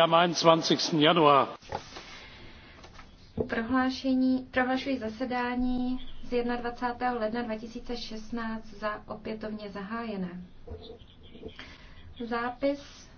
am. einundzwanzig januar. prohlašuji zasedání z 21. ledna 2016 za opětovně zahájené. Zápis